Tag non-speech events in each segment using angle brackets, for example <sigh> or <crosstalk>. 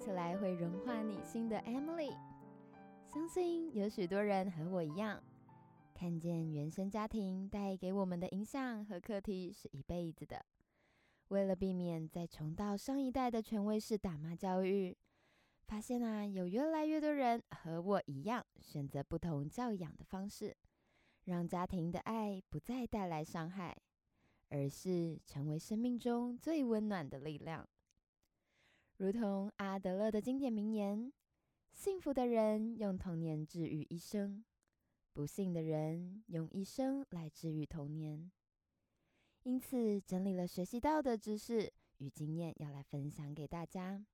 聽起來會融化你心的 Emily，相信有許多人和我一樣，看見原生家庭帶給我們的影響和課題是一輩子的。為了避免再重蹈上一代的權威式打罵教育，發現啊，有越來越多人和我一樣，選擇不同教養的方式，讓家庭的愛不再帶來傷害，而是成為生命中最溫暖的力量。如同阿德勒的經典名言：“幸福的人用童年治癒一生，不幸的人用一生來治癒童年。”因此，整理了學習到的知識與經驗，要來分享給大家。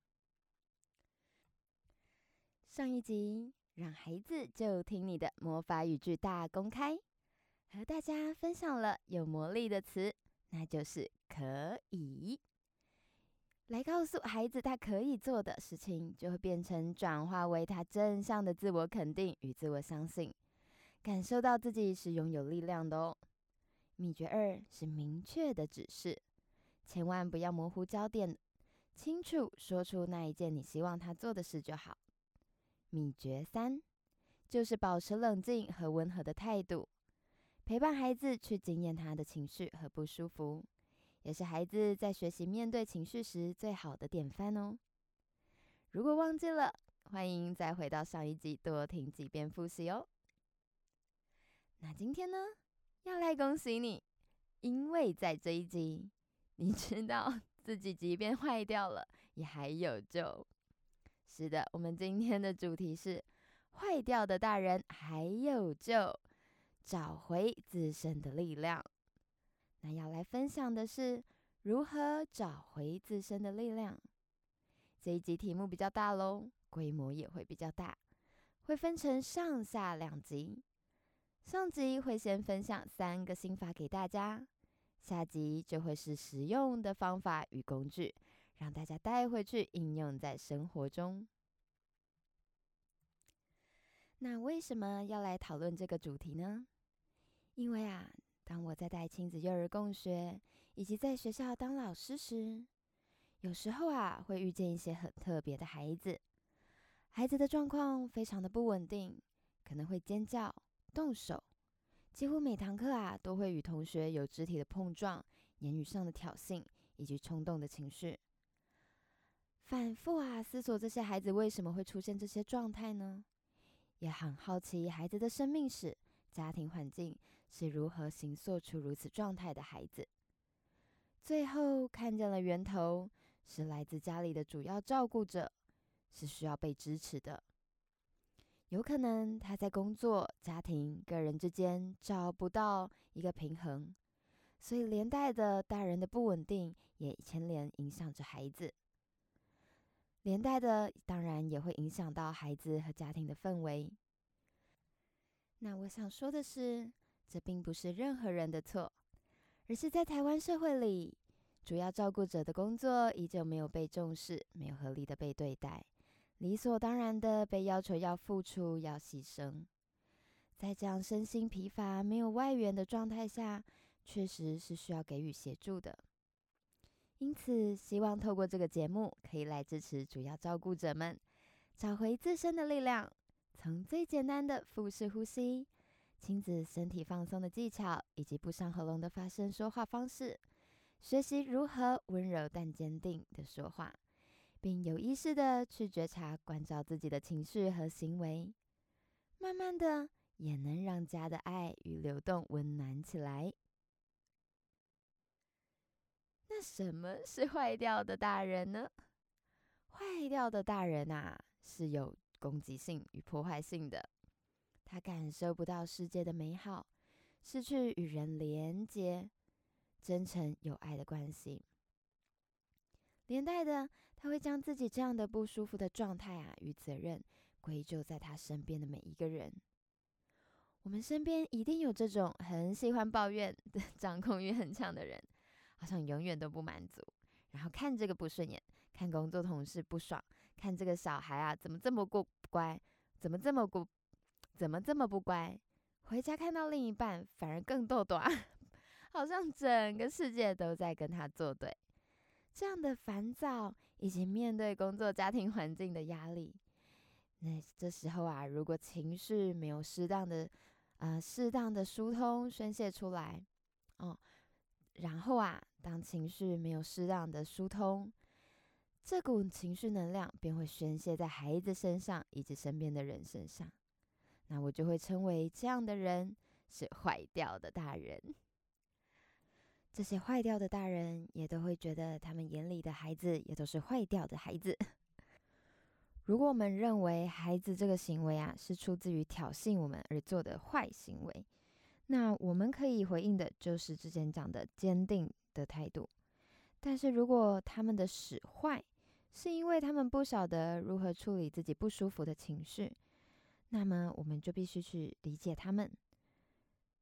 上一集讓孩子就聽你的魔法語句大公開，和大家分享了有魔力的詞，那就是“可以”。來告訴孩子他可以做的事情，就會變成轉化為他正向的自我肯定與自我相信，感受到自己是擁有力量的哦。秘訣二是明確的指示，千萬不要模糊焦點，清楚說出那一件你希望他做的事就好。秘訣三就是保持冷靜和溫和的態度，陪伴孩子去經驗他的情緒和不舒服。也是孩子在學習面對情緒時最好的典範哦。如果忘記了，歡迎再回到上一集多聽幾遍複習哦。那今天呢，要來恭喜你，因為在這一集，你知道自己即便壞掉了，也還有救。是的，我們今天的主題是壞掉的大人還有救，找回自身的力量。那要來分享的是如何找回自身的力量。這一集題目比較大嘍，規模也會比較大，會分成上下兩集。上集會先分享三個心法給大家，下集就會是實用的方法與工具，讓大家帶回去應用在生活中。那為什麼要來討論這個主題呢？因為啊。當我在帶親子、幼兒共學，以及在學校當老師時，有時候啊，會遇見一些很特別的孩子。孩子的狀況非常的不穩定，可能會尖叫、動手，幾乎每堂課啊，都會與同學有肢體的碰撞、言語上的挑釁，以及衝動的情緒。反覆啊，思索這些孩子為什麼會出現這些狀態呢？也很好奇孩子的生命史、家庭環境。是如何形塑出如此狀態的孩子。最後看見了源頭，是來自家裡的主要照顧者，是需要被支持的。有可能他在工作、家庭、個人之間找不到一個平衡，所以連帶的大人的不穩定也牽連影響着孩子，連帶的當然也會影響到孩子和家庭的氛圍。那我想說的是，這並不是任何人的錯，而是在台灣社會裡，主要照顧者的工作依舊沒有被重視，沒有合理的被對待，理所當然的被要求要付出、要犧牲。在這樣身心疲乏、沒有外援的狀態下，確實是需要給予協助的。因此，希望透過這個節目，可以來支持主要照顧者們，找回自身的力量，從最簡單的腹式呼吸。親子身體放鬆的技巧，以及不傷喉嚨的發聲說話方式，學習如何溫柔但堅定的說話，並有意識的去覺察、關照自己的情緒和行為，慢慢的也能讓家的愛與流動溫暖起來。那什麼是壞掉的大人呢？壞掉的大人啊，是有攻擊性與破壞性的。他感受不到世界的美好，失去與人連結、真誠有愛的關係。連帶的，他會將自己這樣的不舒服的狀態啊與責任歸咎在他身邊的每一個人。我們身邊一定有這種很喜歡抱怨的、掌控欲很強的人，好像永遠都不滿足，然後看這個不順眼，看工作同事不爽，看這個小孩啊怎麼這麼不乖，怎麼這麼不。怎麼這麼不乖，回家看到另一半反而更逗逗啊，好像整個世界都在跟他作對。這樣的煩躁，以及面對工作、家庭環境的壓力，那這時候啊，如果情緒沒有適當的，呃，適當的疏通宣泄出來，哦，然後啊，當情緒沒有適當的疏通，這股情緒能量便會宣泄在孩子身上，以及身邊的人身上。那我就會稱為這樣的人是壞掉的大人。這些壞掉的大人也都會覺得他們眼裡的孩子也都是壞掉的孩子。如果我們認為孩子這個行為啊是出自於挑釁我們而做的壞行為，那我們可以回應的就是之前講的堅定的態度。但是如果他們的使壞是因為他們不曉得如何處理自己不舒服的情緒。那麼我們就必須去理解他們。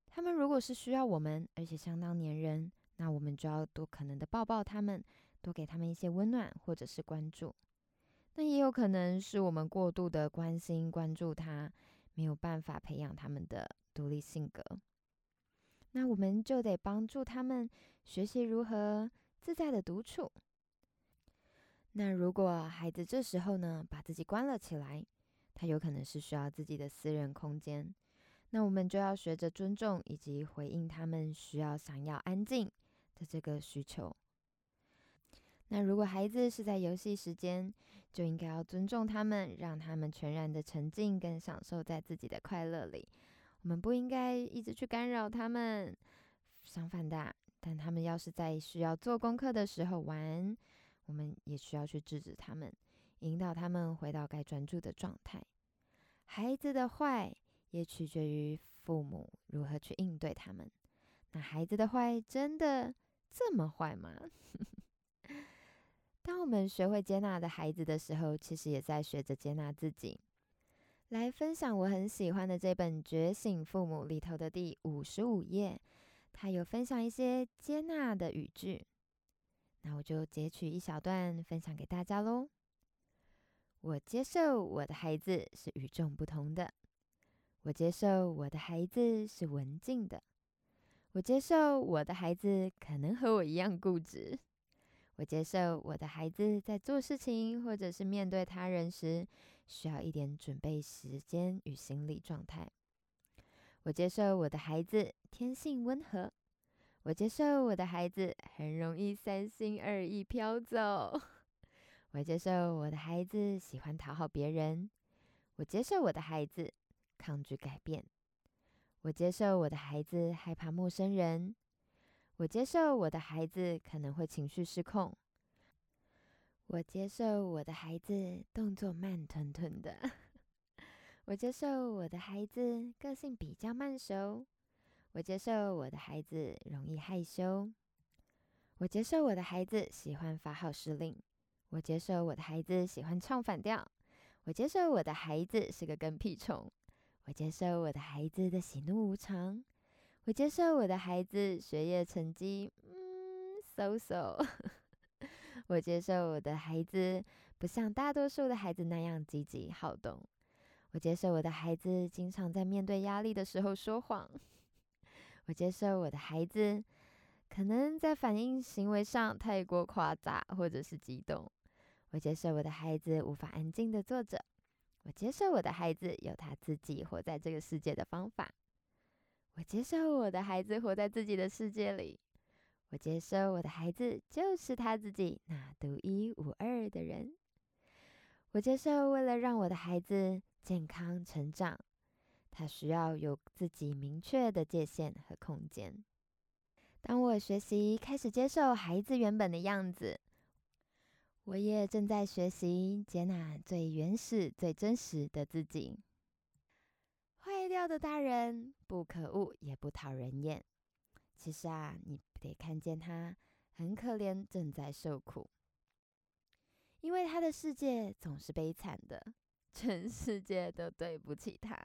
他們如果是需要我們，而且相當粘人，那我們就要多可能的抱抱他們，多給他們一些溫暖或者是關注。那也有可能是我們過度的關心關注他，沒有辦法培養他們的獨立性格。那我們就得幫助他們學習如何自在的獨處。那如果孩子這時候呢，把自己關了起來。他有可能是需要自己的私人空間，那我們就要學着尊重以及回應他們需要、想要安靜的這個需求。那如果孩子是在遊戲時間，就應該要尊重他們，讓他們全然的沉浸跟享受在自己的快樂裡。我們不應該一直去干擾他們。相反的啊，但他們要是在需要做功課的時候玩，我們也需要去制止他們，引導他們回到該專注的狀態。孩子的壞也取決於父母如何去應對他們。那孩子的壞真的這麼壞嗎？ <laughs> 當我們學會接納的孩子的時候，其實也在學着接納自己。來分享我很喜歡的這本《覺醒父母》裡頭的第五十五頁，它有分享一些接納的語句。那我就截取一小段分享給大家嘍。我接受我的孩子是與眾不同的。我接受我的孩子是文靜的。我接受我的孩子可能和我一樣固執。我接受我的孩子在做事情或者是面對他人時，需要一點準備時間與心理狀態。我接受我的孩子天性溫和。我接受我的孩子很容易三心二意飄走。我接受我的孩子喜歡討好別人。我接受我的孩子抗拒改變。我接受我的孩子害怕陌生人。我接受我的孩子可能會情緒失控。我接受我的孩子動作慢吞吞的。我接受我的孩子個性比較慢熟。我接受我的孩子容易害羞。我接受我的孩子喜歡發號施令。我接受我的孩子喜歡唱反調。我接受我的孩子是個跟屁蟲。我接受我的孩子的喜怒無常。我接受我的孩子學業成績，嗯，so so。嗖嗖。 <laughs> 我接受我的孩子不像大多數的孩子那樣積極好動。我接受我的孩子經常在面對壓力的時候說謊。 <laughs> 我接受我的孩子可能在反應行為上太過誇張或者是激動。我接受我的孩子無法安靜的坐着。我接受我的孩子有他自己活在這個世界的方法。我接受我的孩子活在自己的世界裡。我接受我的孩子就是他自己那獨一無二的人。我接受為了讓我的孩子健康成長，他需要有自己明確的界限和空間。當我學習開始接受孩子原本的樣子，我也正在學習接納最原始、最真實的自己。壞掉的大人不可惡，也不討人厭。其實啊，你得看見他很可憐，正在受苦，因為他的世界總是悲慘的，全世界都對不起他。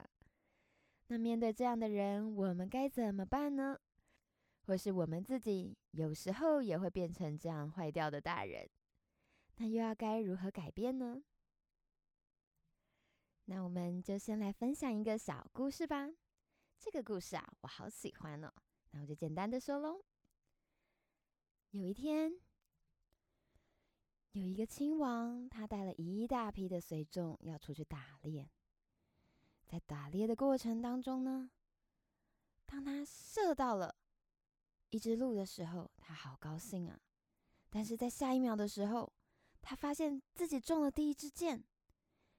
那面對這樣的人，我們該怎麼辦呢？或是我們自己有時候也會變成這樣壞掉的大人。那又要該如何改變呢？那我們就先來分享一個小故事吧。這個故事啊，我好喜歡呢、哦。那我就簡單的說嘍。有一天，有一個親王，他帶了一大批的隨從，要出去打獵。在打獵的過程當中呢，當他射到了一隻鹿的時候，他好高興啊。但是在下一秒的時候，他發現自己中了第一支箭，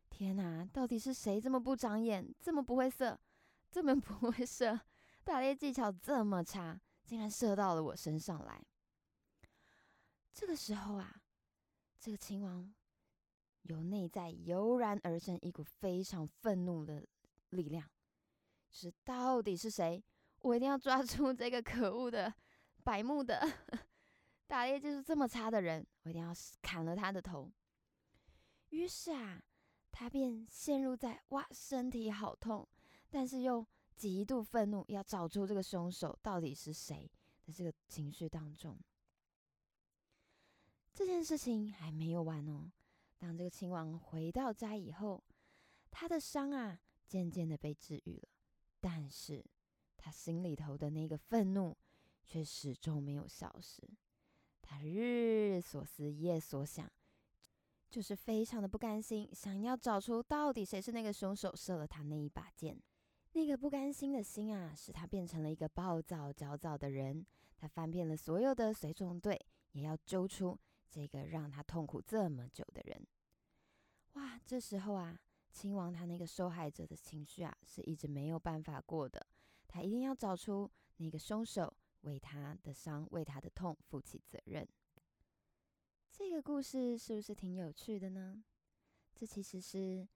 天哪、啊！到底是誰這麼不長眼，這麼不會射，這麼不會射，打獵技巧這麼差，竟然射到了我身上來？這個時候啊，這個親王由內在油然而生一股非常憤怒的力量，是到底是誰？我一定要抓住這個可惡的白目的！打獵技術這麼差的人，我一定要砍了他的頭。於是啊，他便陷入在哇，身體好痛，但是又極度憤怒，要找出這個兇手到底是誰的這個情緒當中。這件事情還沒有完哦。當這個親王回到家以後，他的傷啊漸漸的被治癒了，但是他心裡頭的那個憤怒卻始終沒有消失。他日日所思夜所想，就是非常的不甘心，想要找出到底誰是那個凶手，射了他那一把箭。那個不甘心的心啊，使他變成了一個暴躁焦躁的人。他翻遍了所有的隨從隊，也要揪出這個讓他痛苦這麼久的人。哇，這時候啊，親王他那個受害者的情緒啊，是一直沒有辦法過的。他一定要找出那個凶手。為他的傷，為他的痛，負起責任。這個故事是不是挺有趣的呢？這其實是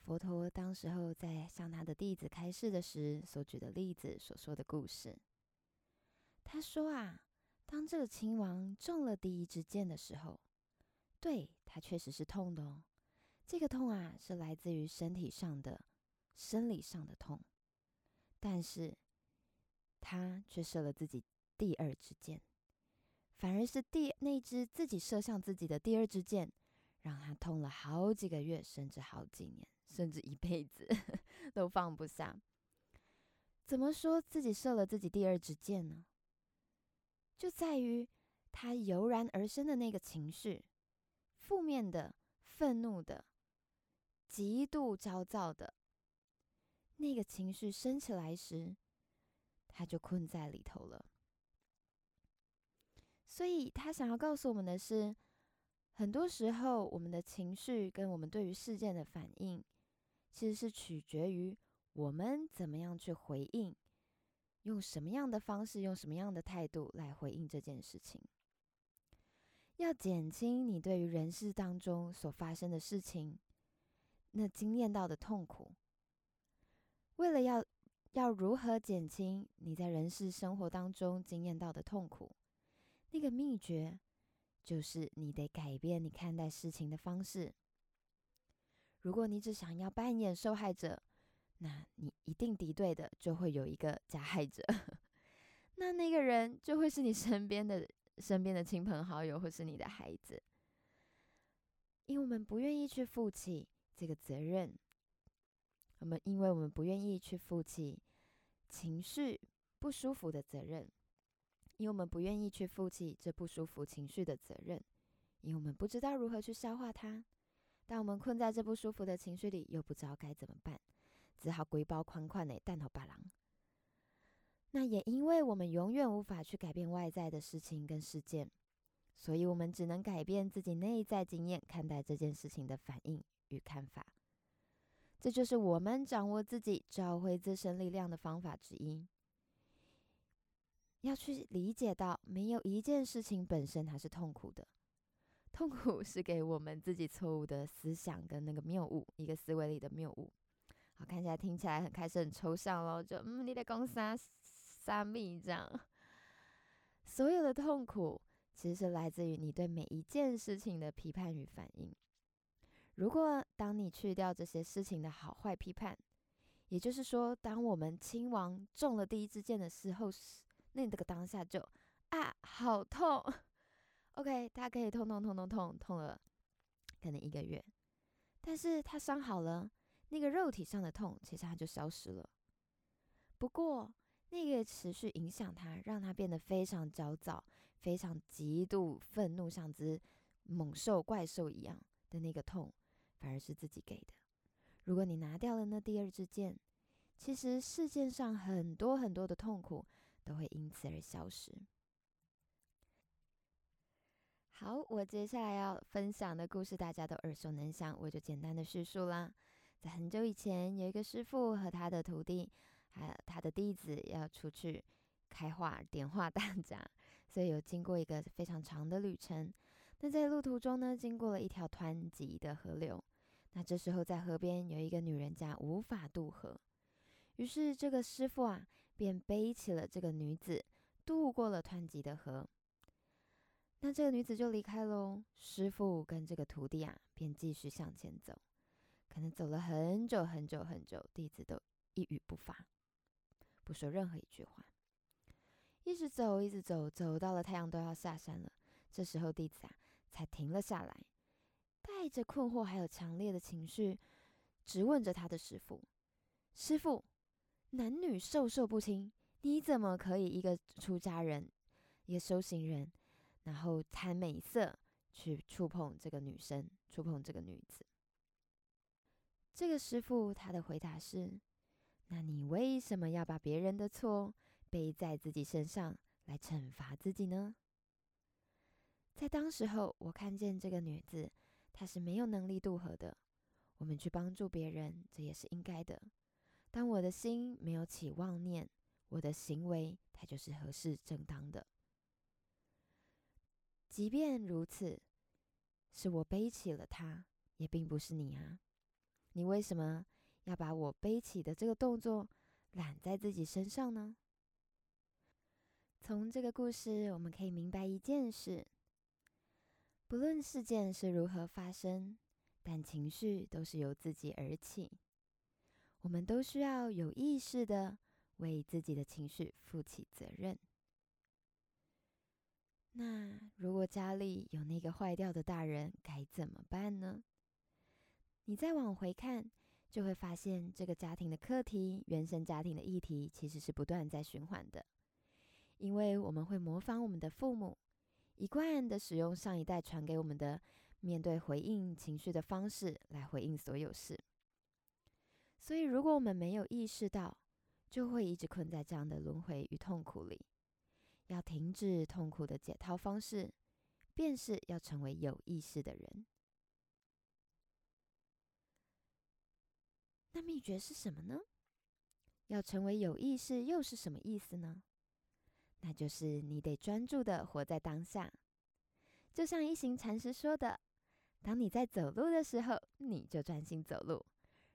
佛陀當時候在向他的弟子開示的時所舉的例子，所說的故事。他說啊，當這個親王中了第一支箭的時候，對，他確實是痛的哦。這個痛啊，是來自於身體上的、生理上的痛，但是。他卻射了自己第二支箭，反而是第那支自己射向自己的第二支箭，讓他痛了好幾個月，甚至好幾年，甚至一輩子呵呵都放不下。怎麼說自己射了自己第二支箭呢？就在於他油然而生的那個情緒，負面的、憤怒的、極度焦躁的，那個情緒升起來時。他就困在裡頭了，所以他想要告訴我們的是，很多時候我們的情緒跟我們對於事件的反應，其實是取決於我們怎麼樣去回應，用什麼樣的方式，用什麼樣的態度來回應這件事情。要減輕你對於人世當中所發生的事情，那經驗到的痛苦，為了要。要如何減輕你在人世生活當中經驗到的痛苦？那個秘訣就是你得改變你看待事情的方式。如果你只想要扮演受害者，那你一定敵對的就會有一個加害者， <laughs> 那那個人就會是你身邊的、身邊的親朋好友或是你的孩子，因為我們不願意去負起這個責任。我們，因為我們不願意去負起情緒不舒服的責任，因為我們不願意去負起這不舒服情緒的責任，因為我們不知道如何去消化它。當我們困在這不舒服的情緒裡，又不知道該怎麼辦，只好規包款款的蛋頭八郎。那也因為我們永遠無法去改變外在的事情跟事件，所以我們只能改變自己內在經驗，看待這件事情的反應與看法。這就是我們掌握自己、找回自身力量的方法之一。要去理解到，沒有一件事情本身它是痛苦的，痛苦是給我們自己錯誤的思想跟那個謬誤，一個思維裡的謬誤。好，看起來、聽起來很開始很抽象咯。就嗯，你在講啥啥米這樣？所有的痛苦其實是來自於你對每一件事情的批判與反應。如果當你去掉這些事情的好壞批判，也就是說，當我們親王中了第一支箭的時候，那這個當下就啊好痛。OK，他可以痛痛痛痛痛痛了，可能一個月。但是他傷好了，那個肉體上的痛，其實他就消失了。不過那個持續影響他，讓他變得非常焦躁，非常極度憤怒，像只猛獸、怪獸一樣的那個痛。反而是自己給的。如果你拿掉了那第二支箭，其實世界上很多很多的痛苦都會因此而消失。好，我接下來要分享的故事大家都耳熟能詳，我就簡單的敘述啦。在很久以前，有一個師傅和他的徒弟，還有他的弟子要出去開化、點化大家，所以有經過一個非常長的旅程。那在路途中呢，經過了一條湍急的河流。那這時候，在河邊有一個女人家無法渡河，於是這個師傅啊，便背起了這個女子，渡過了湍急的河。那這個女子就離開嘍，師傅跟這個徒弟啊，便繼續向前走。可能走了很久很久很久，弟子都一語不發，不說任何一句話，一直走，一直走，走到了太陽都要下山了。這時候，弟子啊。才停了下來，帶着困惑還有強烈的情緒，質問着他的師傅：“師傅，男女授受不親，你怎麼可以一個出家人，一個修行人，然後貪美色，去觸碰這個女生，觸碰這個女子？”這個師傅他的回答是：“那你為什麼要把別人的錯背在自己身上，來懲罰自己呢？”在當時候，我看見這個女子，她是沒有能力渡河的。我們去幫助別人，這也是應該的。當我的心沒有起妄念，我的行為，它就是合適正當的。即便如此，是我背起了她，也並不是你啊。你為什麼要把我背起的這個動作攬在自己身上呢？從這個故事，我們可以明白一件事。不論事件是如何發生，但情緒都是由自己而起。我們都需要有意識的為自己的情緒負起責任。那如果家裡有那個壞掉的大人，該怎麼辦呢？你再往回看，就會發現這個家庭的課題、原生家庭的議題，其實是不斷在循環的，因為我們會模仿我們的父母。一貫的使用上一代傳給我們的面對回應情緒的方式來回應所有事，所以如果我們沒有意識到，就會一直困在這樣的輪回與痛苦裡。要停止痛苦的解套方式，便是要成為有意識的人。那秘訣是什麼呢？要成為有意識又是什麼意思呢？那就是你得專注的活在當下，就像一行禪師說的：“當你在走路的時候，你就專心走路；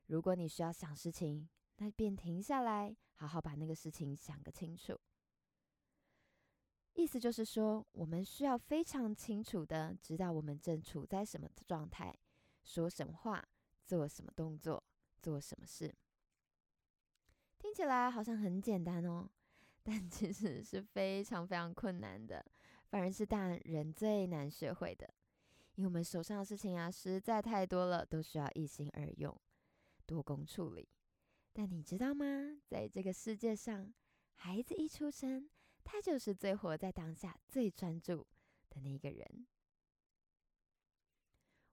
如果你需要想事情，那便停下來，好好把那個事情想個清楚。”意思就是說，我們需要非常清楚的知道我們正處在什麼狀態，說什麼話，做什麼動作，做什麼事。聽起來好像很簡單哦。但其實是非常非常困難的，反而是大人最難學會的，因為我們手上的事情啊，實在太多了，都需要一心二用，多工處理。但你知道嗎？在這個世界上，孩子一出生，他就是最活在當下、最專注的那一個人。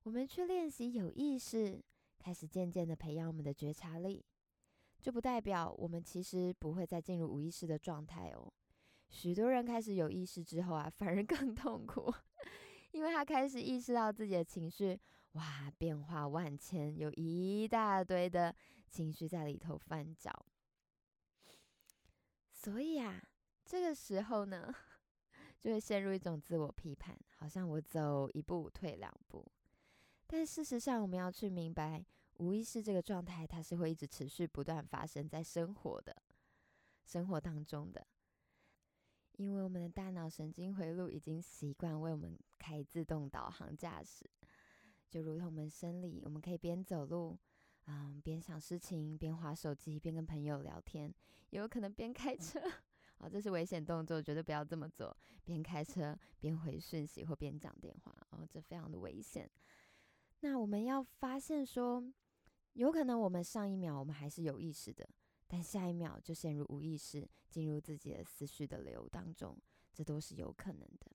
我們去練習有意識，開始漸漸的培養我們的覺察力。就不代表我們其實不會再進入無意識的狀態哦。許多人開始有意識之後啊，反而更痛苦，因為他開始意識到自己的情緒，哇，變化萬千，有一大堆的情緒在裡頭翻攪。所以啊，這個時候呢，就會陷入一種自我批判，好像我走一步退兩步。但事實上，我們要去明白。無意識這個狀態，它是會一直持續不斷發生在生活的生活當中的。因為我們的大腦神經回路已經習慣為我們開自動導航駕駛，就如同我們生理，我們可以邊走路，嗯，邊想事情，邊滑手機，邊跟朋友聊天，也有可能邊開車，啊、嗯哦，這是危險動作，絕對不要這麼做，邊開車邊回訊息或邊講電話，哦，這非常的危險。那我們要發現說。有可能我們上一秒我們還是有意識的，但下一秒就陷入無意識，進入自己的思緒的流當中，這都是有可能的。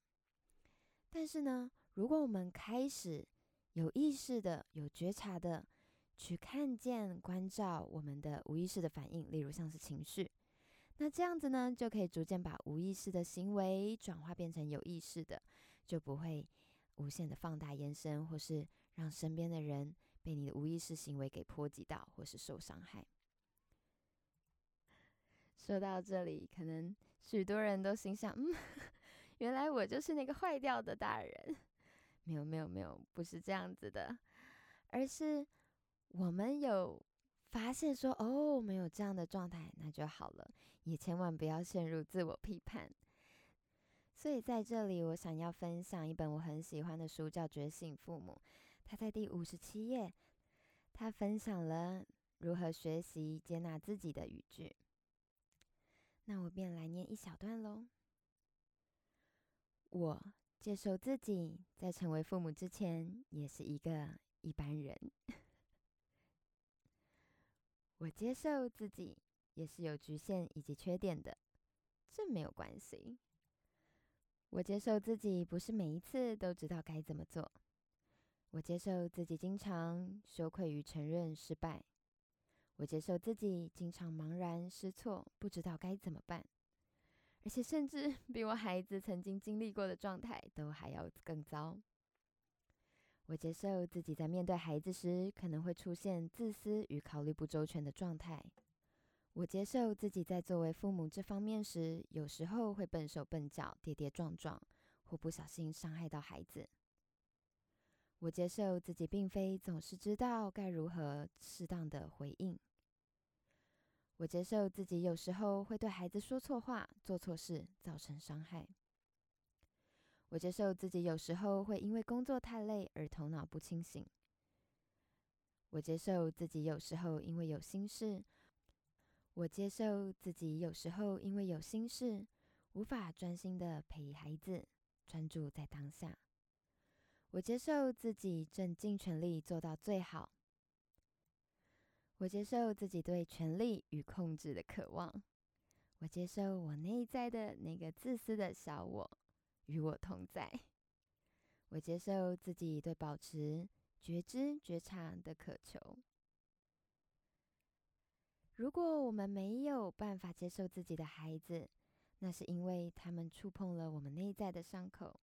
但是呢，如果我們開始有意識的、有覺察的去看見、關照我們的無意識的反應，例如像是情緒，那這樣子呢，就可以逐漸把無意識的行為轉化變成有意識的，就不會無限的放大延伸，或是讓身邊的人。被你的無意識行為給波及到，或是受傷害。說到這裡，可能許多人都心想：“嗯，原來我就是那個壞掉的大人。”沒有，沒有，沒有，不是這樣子的，而是我們有發現說：“哦，沒有這樣的狀態，那就好了。”也千萬不要陷入自我批判。所以在這裡，我想要分享一本我很喜歡的書，叫《覺醒父母》。他在第五十七頁，他分享了如何學習接納自己的語句。那我便來念一小段嘍。我接受自己，在成為父母之前，也是一個一般人。 <laughs> 我接受自己，也是有局限以及缺點的，這沒有關係。我接受自己，不是每一次都知道該怎麼做。我接受自己經常羞愧於承認失敗。我接受自己經常茫然失措，不知道該怎麼辦，而且甚至比我孩子曾經經歷過的狀態都還要更糟。我接受自己在面對孩子時可能會出現自私與考慮不周全的狀態。我接受自己在作為父母這方面時，有時候會笨手笨腳、跌跌撞撞，或不小心傷害到孩子。我接受自己並非總是知道該如何適當的回應。我接受自己有時候會對孩子說錯話、做錯事，造成傷害。我接受自己有時候會因為工作太累而頭腦不清醒。我接受自己有時候因為有心事，我接受自己有時候因為有心事，無法專心的陪孩子，專注在當下。我接受自己正盡全力做到最好。我接受自己對權力與控制的渴望。我接受我內在的那個自私的小我與我同在。我接受自己對保持覺知覺察的渴求。如果我們沒有辦法接受自己的孩子，那是因為他們觸碰了我們內在的傷口。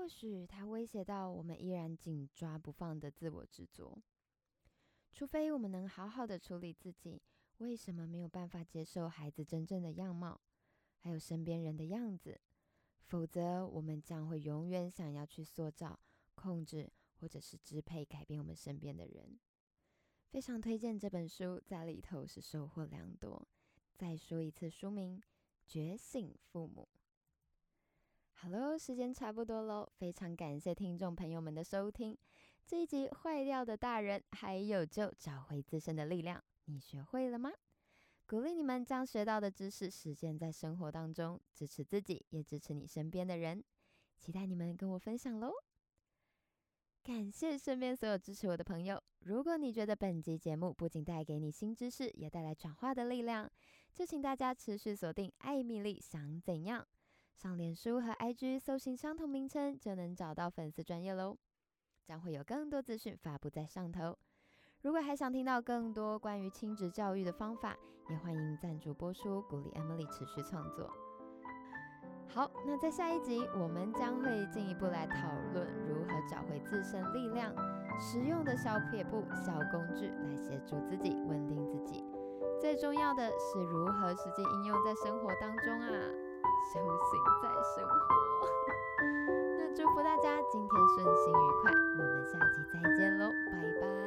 或許它威脅到我們依然緊抓不放的自我執着，除非我們能好好的處理自己，為什麼沒有辦法接受孩子真正的樣貌，還有身邊人的樣子？否則我們將會永遠想要去塑造、控制或者是支配、改變我們身邊的人。非常推薦這本書，在裡頭是收穫良多。再說一次書名：覺醒父母。哈嘍，時間差不多嘍，非常感謝聽眾朋友們的收聽。這一集《壞掉的大人》，還有救，找回自身的力量，你學會了嗎？鼓勵你們將學到的知識實踐在生活當中，支持自己，也支持你身邊的人。期待你們跟我分享嘍！感謝身邊所有支持我的朋友。如果你覺得本集節目不僅帶給你新知識，也帶來轉化的力量，就請大家持續鎖定《艾米麗想怎樣》。上臉書和 IG 搜尋相同名稱就能找到粉絲專頁嘍，將會有更多資訊發布在上頭。如果還想聽到更多關於親職教育的方法，也歡迎贊助播出，鼓勵 Emily 持續創作。好，那在下一集我們將會進一步來討論如何找回自身力量，實用的小撇步、小工具來協助自己穩定自己。最重要的是如何實際應用在生活當中啊！修行在生活， <laughs> 那祝福大家今天順心愉快，我們下期再見嘍，拜拜。